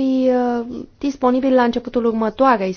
fi uh, disponibil la începutul următoarei